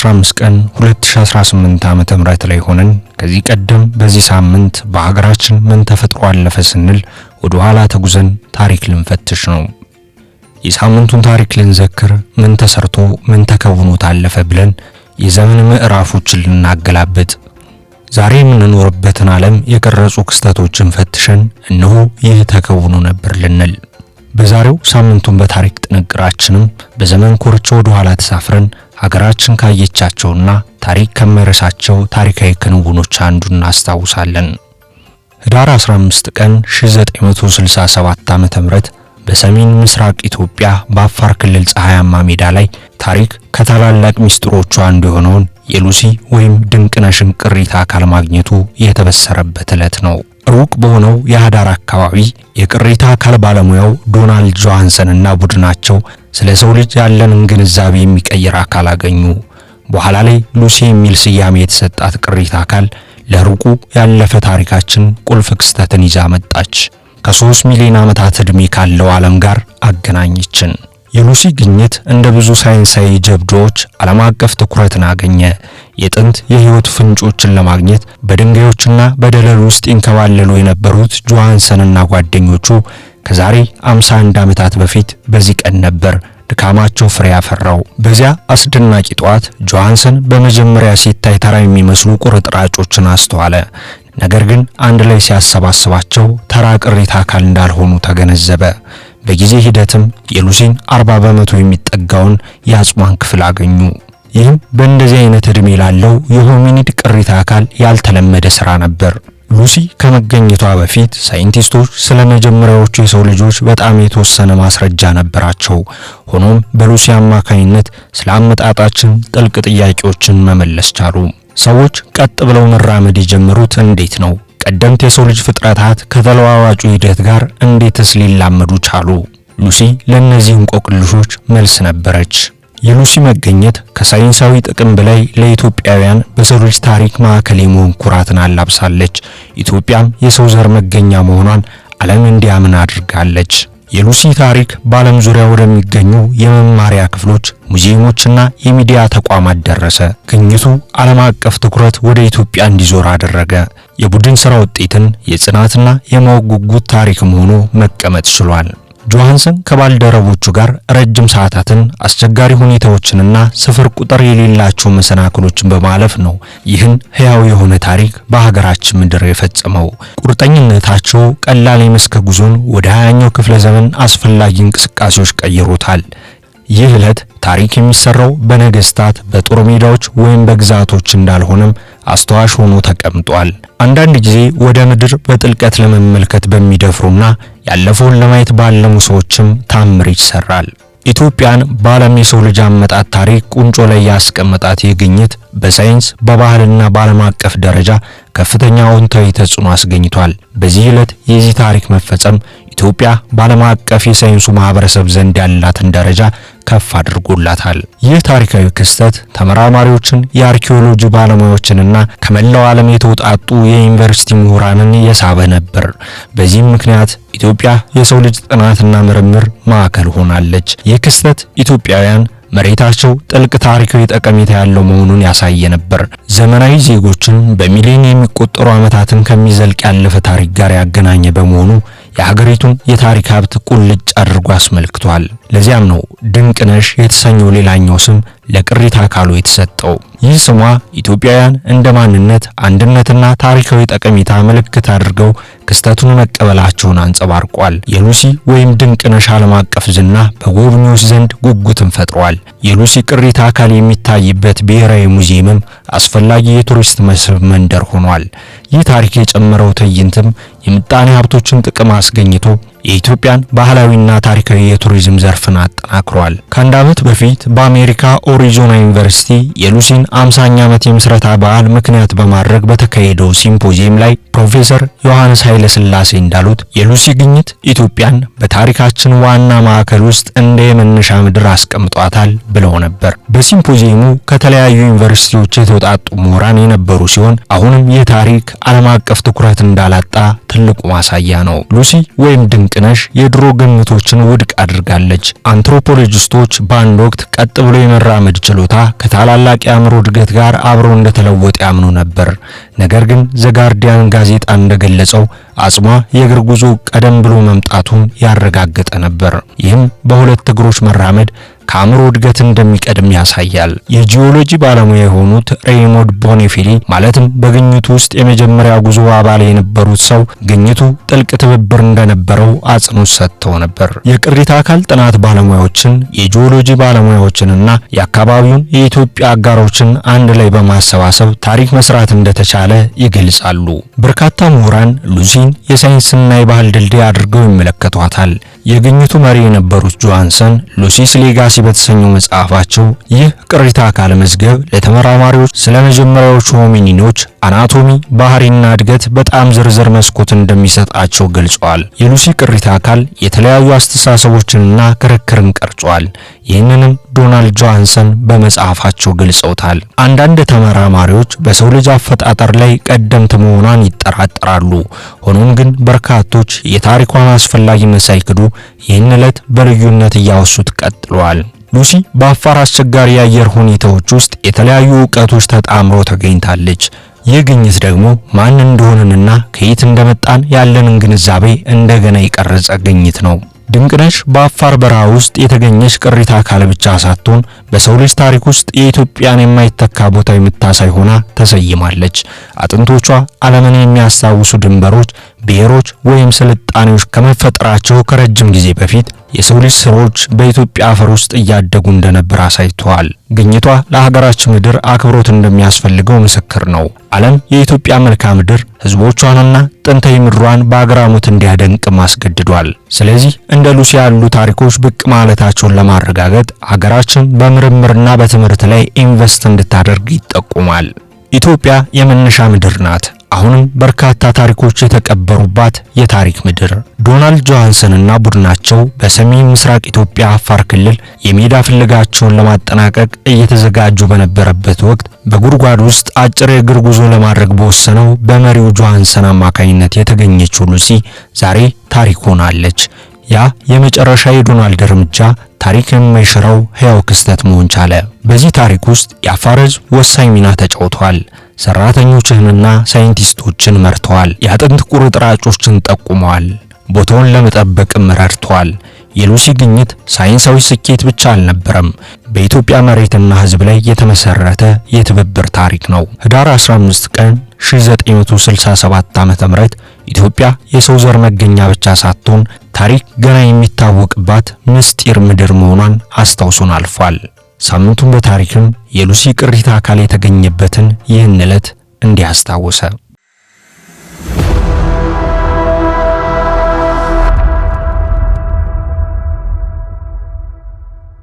15 ቀን 2018 ዓ.ም ላይ ሆነን ከዚህ ቀደም በዚህ ሳምንት በሀገራችን ምን ተፈጥሮ አለፈ ስንል ወደ ኋላ ተጉዘን ታሪክ ልንፈትሽ ነው። የሳምንቱን ታሪክ ልንዘክር፣ ምን ተሰርቶ ምን ተከውኖ ታለፈ ብለን የዘመን ምዕራፎችን ልናገላብጥ፣ ዛሬ የምንኖርበትን ዓለም የቀረጹ ክስተቶችን ፈትሸን እነሆ ይህ ተከውኖ ነበር ልንል በዛሬው ሳምንቱን በታሪክ ጥንቅራችንም በዘመን ኮርቻ ወደ ኋላ ተሳፍረን ሀገራችን ካየቻቸውና ታሪክ ከመረሳቸው ታሪካዊ ክንውኖች አንዱ እናስታውሳለን። ህዳር 15 ቀን 1967 ዓ.ም በሰሜን ምስራቅ ኢትዮጵያ በአፋር ክልል ፀሐያማ ሜዳ ላይ ታሪክ ከታላላቅ ሚስጥሮቹ አንዱ የሆነውን የሉሲ ወይም ድንቅነሽን ቅሪተ አካል ማግኘቱ የተበሰረበት ዕለት ነው። ሩቅ በሆነው የአዳር አካባቢ የቅሪተ አካል ባለሙያው ዶናልድ ጆሃንሰን እና ቡድናቸው ስለ ሰው ልጅ ያለንን ግንዛቤ የሚቀይር አካል አገኙ። በኋላ ላይ ሉሲ የሚል ስያሜ የተሰጣት ቅሪተ አካል ለሩቁ ያለፈ ታሪካችን ቁልፍ ክስተትን ይዛ መጣች። ከሶስት ሚሊዮን ዓመታት ዕድሜ ካለው ዓለም ጋር አገናኘችን። የሉሲ ግኝት እንደ ብዙ ሳይንሳዊ ጀብዶዎች ዓለም አቀፍ ትኩረትን አገኘ። የጥንት የሕይወት ፍንጮችን ለማግኘት በድንጋዮችና በደለል ውስጥ ይንከባለሉ የነበሩት ጆሃንሰንና ጓደኞቹ ከዛሬ 51 ዓመታት በፊት በዚህ ቀን ነበር ድካማቸው ፍሬ ያፈራው። በዚያ አስደናቂ ጠዋት ጆሃንሰን በመጀመሪያ ሲታይ ተራ የሚመስሉ ቁርጥራጮችን አስተዋለ። ነገር ግን አንድ ላይ ሲያሰባስባቸው ተራ ቅሪተ አካል እንዳልሆኑ ተገነዘበ። በጊዜ ሂደትም የሉሲን 40 በመቶ የሚጠጋውን የአጽሟን ክፍል አገኙ። ይህም በእንደዚህ አይነት ዕድሜ ላለው የሆሚኒድ ቅሪተ አካል ያልተለመደ ስራ ነበር። ሉሲ ከመገኘቷ በፊት ሳይንቲስቶች ስለ መጀመሪያዎቹ የሰው ልጆች በጣም የተወሰነ ማስረጃ ነበራቸው። ሆኖም በሉሲ አማካኝነት ስለ አመጣጣችን ጥልቅ ጥያቄዎችን መመለስ ቻሉ። ሰዎች ቀጥ ብለው መራመድ የጀመሩት እንዴት ነው? ቀደምት የሰው ልጅ ፍጥረታት ከተለዋዋጩ ሂደት ጋር እንዴትስ ሊላመዱ ቻሉ? ሉሲ ለእነዚህ እንቆቅልሾች መልስ ነበረች። የሉሲ መገኘት ከሳይንሳዊ ጥቅም በላይ ለኢትዮጵያውያን ልጅ ታሪክ ማዕከል የመሆን ኩራትን አላብሳለች። ኢትዮጵያም የሰው ዘር መገኛ መሆኗን ዓለም እንዲያምን አድርጋለች። የሉሲ ታሪክ በዓለም ዙሪያ ወደሚገኙ የመማሪያ ክፍሎች፣ ሙዚየሞችና የሚዲያ ተቋማት ደረሰ። ግኝቱ ዓለም አቀፍ ትኩረት ወደ ኢትዮጵያ እንዲዞር አደረገ። የቡድን ሥራ ውጤትን የጽናትና የማወቅ ጉጉት ታሪክም ሆኖ መቀመጥ ችሏል። ጆሃንሰን ከባልደረቦቹ ጋር ረጅም ሰዓታትን አስቸጋሪ ሁኔታዎችንና ስፍር ቁጥር የሌላቸው መሰናክሎችን በማለፍ ነው ይህን ሕያው የሆነ ታሪክ በሀገራችን ምድር የፈጸመው። ቁርጠኝነታቸው ቀላል የመስክ ጉዞን ወደ ሀያኛው ክፍለ ዘመን አስፈላጊ እንቅስቃሴዎች ቀይሮታል። ይህ ዕለት ታሪክ የሚሰራው በነገስታት በጦር ሜዳዎች ወይም በግዛቶች እንዳልሆነም አስተዋሽ ሆኖ ተቀምጧል። አንዳንድ ጊዜ ወደ ምድር በጥልቀት ለመመልከት በሚደፍሩና ያለፈውን ለማየት ባለሙ ሰዎችም ታምር ይሰራል። ኢትዮጵያን በዓለም የሰው ልጅ አመጣት ታሪክ ቁንጮ ላይ ያስቀመጣት የግኝት በሳይንስ በባህልና በዓለም አቀፍ ደረጃ ከፍተኛ አዎንታዊ ተጽዕኖ አስገኝቷል። በዚህ ዕለት የዚህ ታሪክ መፈጸም ኢትዮጵያ በዓለም አቀፍ የሳይንሱ ማህበረሰብ ዘንድ ያላትን ደረጃ ከፍ አድርጎላታል። ይህ ታሪካዊ ክስተት ተመራማሪዎችን፣ የአርኪኦሎጂ ባለሙያዎችንና ከመላው ዓለም የተውጣጡ የዩኒቨርሲቲ ምሁራንን የሳበ ነበር። በዚህም ምክንያት ኢትዮጵያ የሰው ልጅ ጥናትና ምርምር ማዕከል ሆናለች። ይህ ክስተት ኢትዮጵያውያን መሬታቸው ጥልቅ ታሪካዊ ጠቀሜታ ያለው መሆኑን ያሳየ ነበር። ዘመናዊ ዜጎችን በሚሊዮን የሚቆጠሩ ዓመታትን ከሚዘልቅ ያለፈ ታሪክ ጋር ያገናኘ በመሆኑ የአገሪቱን የታሪክ ሀብት ቁልጭ አድርጎ አስመልክቷል። ለዚያም ነው ድንቅነሽ የተሰኘው ሌላኛው ስም ለቅሪተ አካሉ የተሰጠው። ይህ ስሟ ኢትዮጵያውያን እንደ ማንነት አንድነትና ታሪካዊ ጠቀሜታ ምልክት አድርገው ክስተቱን መቀበላቸውን አንጸባርቋል። የሉሲ ወይም ድንቅነሽ ዓለም አቀፍ ዝና በጎብኚዎች ዘንድ ጉጉትን ፈጥሯል። የሉሲ ቅሪተ አካል የሚታይበት ብሔራዊ ሙዚየምም አስፈላጊ የቱሪስት መስህብ መንደር ሆኗል። ይህ ታሪክ የጨመረው ትዕይንትም የምጣኔ ሀብቶችን ጥቅም አስገኝቶ የኢትዮጵያን ባህላዊና ታሪካዊ የቱሪዝም ዘርፍን አጠናክሯል። ከአንድ ዓመት በፊት በአሜሪካ ኦሪዞና ዩኒቨርሲቲ የሉሲን አምሳኛ ዓመት የምስረታ በዓል ምክንያት በማድረግ በተካሄደው ሲምፖዚየም ላይ ፕሮፌሰር ዮሐንስ ኃይለ እንዳሉት የሉሲ ግኝት ኢትዮጵያን በታሪካችን ዋና ማዕከል ውስጥ እንደ የመነሻ ምድር አስቀምጧታል ብለው ነበር። በሲምፖዚየሙ ከተለያዩ ዩኒቨርሲቲዎች የተውጣጡ ምሁራን የነበሩ ሲሆን አሁንም የታሪክ ዓለም አቀፍ ትኩረት እንዳላጣ ትልቁ ማሳያ ነው። ሉሲ ወይም ድንቅ ወርቅነሽ የድሮ ግምቶችን ውድቅ አድርጋለች። አንትሮፖሎጂስቶች በአንድ ወቅት ቀጥ ብሎ የመራመድ ችሎታ ከታላላቅ የአእምሮ እድገት ጋር አብሮ እንደተለወጠ ያምኑ ነበር። ነገር ግን ዘጋርዲያን ጋዜጣ እንደገለጸው አጽሟ የእግር ጉዞ ቀደም ብሎ መምጣቱን ያረጋገጠ ነበር። ይህም በሁለት እግሮች መራመድ ከአእምሮ እድገት እንደሚቀድም ያሳያል። የጂኦሎጂ ባለሙያ የሆኑት ሬሞድ ቦኔፊሊ ማለትም በግኝቱ ውስጥ የመጀመሪያ ጉዞ አባል የነበሩት ሰው ግኝቱ ጥልቅ ትብብር እንደነበረው አጽንኦት ሰጥተው ነበር። የቅሪተ አካል ጥናት ባለሙያዎችን፣ የጂኦሎጂ ባለሙያዎችንና የአካባቢውን የኢትዮጵያ አጋሮችን አንድ ላይ በማሰባሰብ ታሪክ መስራት እንደተቻለ ይገልጻሉ። በርካታ ምሁራን ሉሲን የሳይንስና የባህል ድልድይ አድርገው ይመለከቷታል። የግኝቱ መሪ የነበሩት ጆሃንሰን ሉሲስ ሌጋሲ በተሰኘው መጽሐፋቸው ይህ ቅሪተ አካል መዝገብ ለተመራማሪዎች ስለ መጀመሪያዎቹ ሆሚኒኖች አናቶሚ፣ ባህሪና እድገት በጣም ዝርዝር መስኮት እንደሚሰጣቸው ገልጸዋል። የሉሲ ቅሪተ አካል የተለያዩ አስተሳሰቦችንና ክርክርን ቀርጿል። ይህንንም ዶናልድ ጆሃንሰን በመጽሐፋቸው ገልጸውታል። አንዳንድ ተመራማሪዎች በሰው ልጅ አፈጣጠር ላይ ቀደምት መሆኗን ይጠራጠራሉ። ሆኖም ግን በርካቶች የታሪኳን አስፈላጊ መሳይክዱ ይህን ዕለት በልዩነት እያወሱት ቀጥለዋል። ሉሲ በአፋር አስቸጋሪ የአየር ሁኔታዎች ውስጥ የተለያዩ እውቀቶች ተጣምሮ ተገኝታለች። ይህ ግኝት ደግሞ ማን እንደሆንንና ከየት እንደመጣን ያለንን ግንዛቤ እንደገና የቀረጸ ግኝት ነው። ድንቅነሽ በአፋር በረሃ ውስጥ የተገኘች ቅሪተ አካል ብቻ ሳትሆን በሰው ልጅ ታሪክ ውስጥ የኢትዮጵያን የማይተካ ቦታ የምታሳይ ሆና ተሰይማለች። አጥንቶቿ ዓለምን የሚያስታውሱ ድንበሮች ብሔሮች ወይም ስልጣኔዎች ከመፈጠራቸው ከረጅም ጊዜ በፊት የሰው ልጅ ስሮች በኢትዮጵያ አፈር ውስጥ እያደጉ እንደነበር አሳይተዋል። ግኝቷ ለሀገራችን ምድር አክብሮት እንደሚያስፈልገው ምስክር ነው። ዓለም የኢትዮጵያ መልክዓ ምድር ሕዝቦቿንና ጥንታዊ ምድሯን በአግራሞት እንዲያደንቅ ማስገድዷል። ስለዚህ እንደ ሉሲ ያሉ ታሪኮች ብቅ ማለታቸውን ለማረጋገጥ ሀገራችን በምርምርና በትምህርት ላይ ኢንቨስት እንድታደርግ ይጠቁማል። ኢትዮጵያ የመነሻ ምድር ናት። አሁንም በርካታ ታሪኮች የተቀበሩባት የታሪክ ምድር። ዶናልድ ጆሃንሰንና ቡድናቸው በሰሜን ምስራቅ ኢትዮጵያ አፋር ክልል የሜዳ ፍለጋቸውን ለማጠናቀቅ እየተዘጋጁ በነበረበት ወቅት በጉድጓድ ውስጥ አጭር የእግር ጉዞ ለማድረግ በወሰነው በመሪው ጆሃንሰን አማካኝነት የተገኘችው ሉሲ ዛሬ ታሪክ ሆናለች። ያ የመጨረሻ የዶናልድ እርምጃ ታሪክ የማይሽረው ሕያው ክስተት መሆን ቻለ። በዚህ ታሪክ ውስጥ የአፋር ሕዝብ ወሳኝ ሚና ተጫውቷል። ሰራተኞችንና ሳይንቲስቶችን መርተዋል። የአጥንት ቁርጥራጮችን ጠቁመዋል። ቦታውን ለመጠበቅም ረድተዋል። የሉሲ ግኝት ሳይንሳዊ ስኬት ብቻ አልነበረም፤ በኢትዮጵያ መሬትና ሕዝብ ላይ የተመሰረተ የትብብር ታሪክ ነው። ህዳር 15 ቀን 1967 ዓ.ም ኢትዮጵያ የሰው ዘር መገኛ ብቻ ሳትሆን ታሪክ ገና የሚታወቅባት ምስጢር ምድር መሆኗን አስታውሶን አልፏል። ሳምንቱን በታሪክም የሉሲ ቅሪተ አካል የተገኘበትን ይህን ዕለት እንዲያስታውሰ